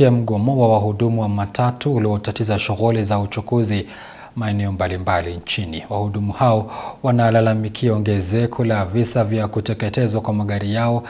kufuatia mgomo wa wahudumu wa matatu uliotatiza shughuli za uchukuzi maeneo mbalimbali nchini. Wahudumu hao wanalalamikia ongezeko la visa vya kuteketezwa kwa magari yao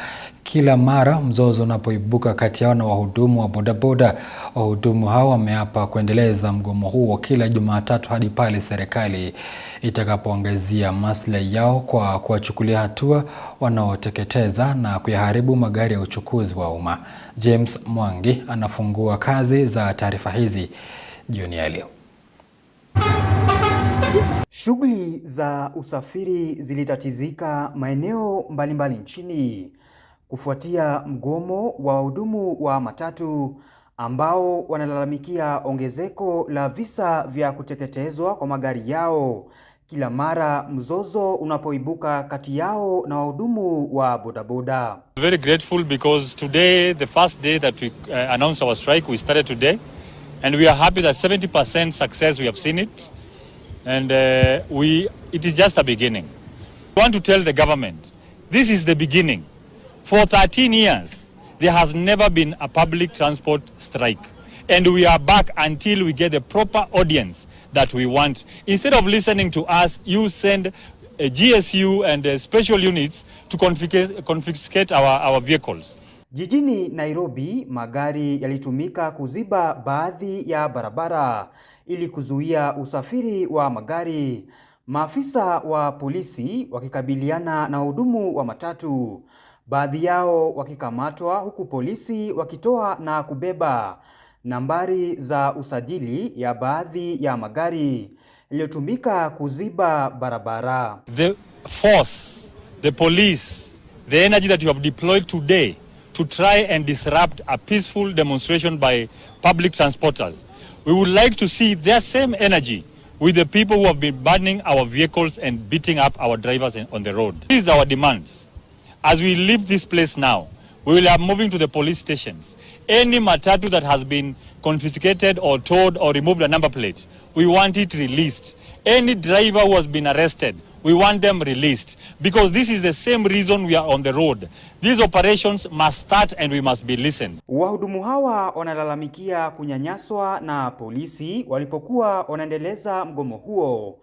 kila mara mzozo unapoibuka kati yao na wahudumu wa bodaboda. Wahudumu hao wameapa kuendeleza mgomo huo kila Jumatatu hadi pale serikali itakapoangazia maslahi yao kwa kuwachukulia hatua wanaoteketeza na kuyaharibu magari ya uchukuzi wa umma. James Mwangi anafungua kazi za taarifa hizi jioni ya leo. Shughuli za usafiri zilitatizika maeneo mbalimbali nchini kufuatia mgomo wa wahudumu wa matatu ambao wanalalamikia ongezeko la visa vya kuteketezwa kwa magari yao kila mara mzozo unapoibuka kati yao na wahudumu wa bodaboda. Very grateful because today the first day that we uh, announced our strike we started today and we are happy that 70% success we have seen it and uh, we it is just a beginning i want to tell the government this is the beginning for 13 years there has never been a public transport strike and we are back until we get the proper audience that we want instead of listening to us you send uh, GSU and uh, special units to confiscate, confiscate our, our vehicles. Jijini Nairobi, magari yalitumika kuziba baadhi ya barabara ili kuzuia usafiri wa magari. Maafisa wa polisi wakikabiliana na wahudumu wa matatu, baadhi yao wakikamatwa huku polisi wakitoa na kubeba nambari za usajili ya baadhi ya magari yaliyotumika kuziba barabara. The force, the police, the energy that you have deployed today to try and disrupt a peaceful demonstration by public transporters. We would like to see their same energy with the people who have been burning our vehicles and beating up our drivers on the road. These are our demands. As we leave this place now, we will be moving to the police stations. Any matatu that has been confiscated or towed or removed a number plate, we want it released. Any driver who has been arrested We want them released because this is the same reason we are on the road. These operations must start and we must be listened. Wahudumu hawa wanalalamikia kunyanyaswa na polisi walipokuwa wanaendeleza mgomo huo,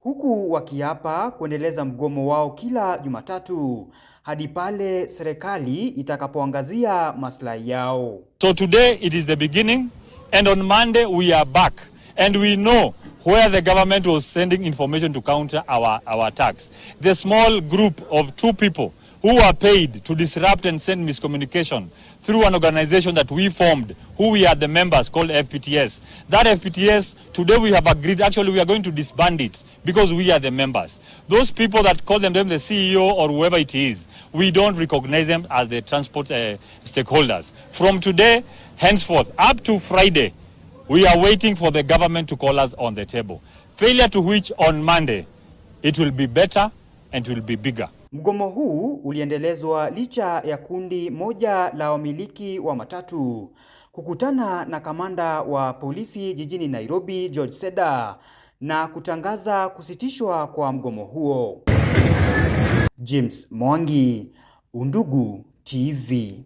huku wakiapa kuendeleza mgomo wao kila Jumatatu hadi pale serikali itakapoangazia maslahi yao. So today it is the beginning and on Monday we are back and we know where the government was sending information to counter our, our attacks. The small group of two people who were paid to disrupt and send miscommunication through an organization that we formed, who we are the members called FPTS. That FPTS, today we have agreed, actually we are going to disband it because we are the members. Those people that call them, them the CEO or whoever it is, we don't recognize them as the transport uh, stakeholders. From today, henceforth, up to Friday, We are waiting for the government to call us on the table. Failure to which on Monday it will be better and it will be bigger. Mgomo huu uliendelezwa licha ya kundi moja la wamiliki wa matatu kukutana na kamanda wa polisi jijini Nairobi George Seda na kutangaza kusitishwa kwa mgomo huo. James Mwangi, Undugu TV.